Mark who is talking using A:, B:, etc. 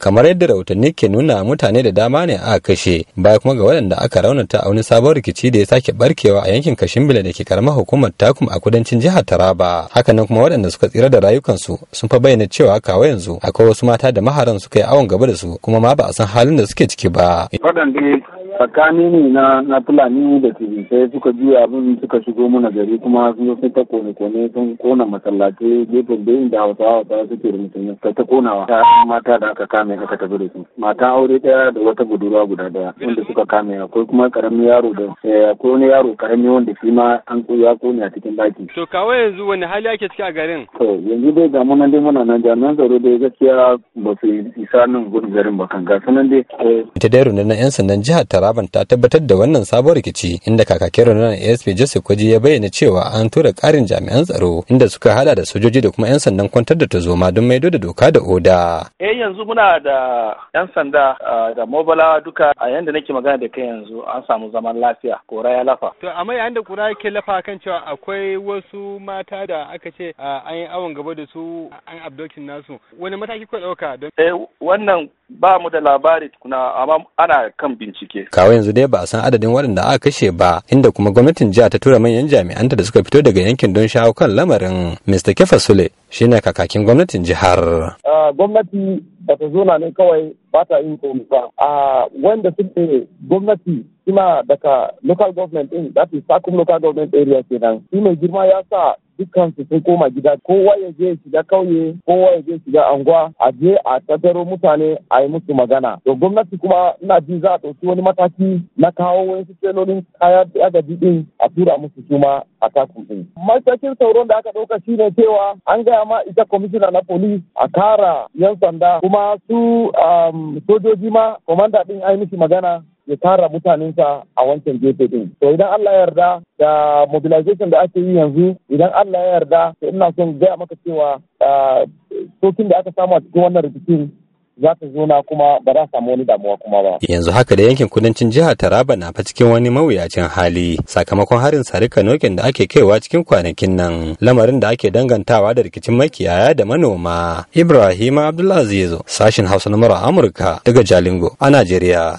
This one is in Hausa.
A: kamar yadda rahotanni ke nuna mutane da dama ne aka kashe baya kuma ga waɗanda aka raunata a wani sabon rikici da ya sake barkewa a yankin kashimbila da ke karamar hukumar takum a kudancin jihar taraba hakanan kuma waɗanda suka tsira da rayukansu sun fa bayyana cewa kawo yanzu akwai wasu mata da maharan suka yi awon gaba da su kuma ma ba a san halin da suke ciki ba
B: tsakani ne na na fulani da sai suka juya abin suka shigo mana gari kuma sun zo sun ta kone kone sun kona masallatai gefen da da hausawa hausawa suke da mutum ta ta konawa ta mata da aka kame haka ta da su matan aure daya da wata budurwa guda daya wanda suka kame akwai kuma karamin yaro da eh, akwai wani yaro karami wanda shi ma an ya kone a cikin daki
A: to kawo yanzu wani hali ake ciki a garin
B: to yanzu dai ga munan dai muna nan jami'an tsaro dai gaskiya ba su isa nan
A: gudun garin ba kan gasu nan dai eh. ita dai rundunar yan sandan jihar Taraban ta tabbatar da wannan sabon rikici inda kakakin rundunar ASP Joseph Kwaji ya bayyana cewa an tura karin jami'an tsaro inda suka hada da sojoji da kuma yan sandan kwantar da tazoma don maido da doka da oda
C: eh yanzu muna da 'yan sanda da mobala duka a yanda nake magana da kai yanzu an samu zaman lafiya
B: kora ya lafa.
A: To amma yayin da kura yake lafa kan cewa akwai wasu mata da aka ce an yi awon gaba da su an abdokin nasu wani mataki ko ɗauka don. Eh wannan
C: ba mu da labari tukuna amma ana kan bincike.
A: Kawo yanzu dai ba a san adadin waɗanda aka kashe ba inda kuma gwamnatin jiha ta tura manyan jami'anta da suka fito daga yankin don shawo kan lamarin. Mr. Kefa Sule shi ne kakakin gwamnatin jihar.
C: Gwamnati ba ta zo na ne kawai ba ta yin komai ba. Wanda suke gwamnati suna daga local government din that is sakum local government area kenan shi mai girma ya sa dukkan su sun koma gida kowa ya je shiga kauye kowa ya je shiga anguwa a je a tattaro mutane a yi musu magana to gwamnati kuma ina ji za a ɗauki wani mataki na kawo wasu selolin kaya agaji din a tura musu suma a takun din matakin sauron da aka ɗauka shine cewa an gaya ma ita kwamishina na polis a kara yan sanda kuma su um, sojoji ma kwamanda din a yi musu magana ya tara mutanensa
B: a wancan gefe din
C: to idan Allah ya yarda da mobilization da ake yi yanzu idan Allah ya yarda to ina son gaya maka cewa sokin ah, da aka samu a cikin wannan rikicin za ta zo na kuma ba za samu wani damuwa kuma ba.
A: Yanzu haka da yankin kudancin jihar Taraba na fa cikin wani mawuyacin hali sakamakon harin sarika nokin da ake kaiwa cikin kwanakin nan lamarin da ake dangantawa da rikicin makiyaya da manoma. Ibrahim Abdulaziz sashin Hausa na Amurka daga Jalingo a Najeriya.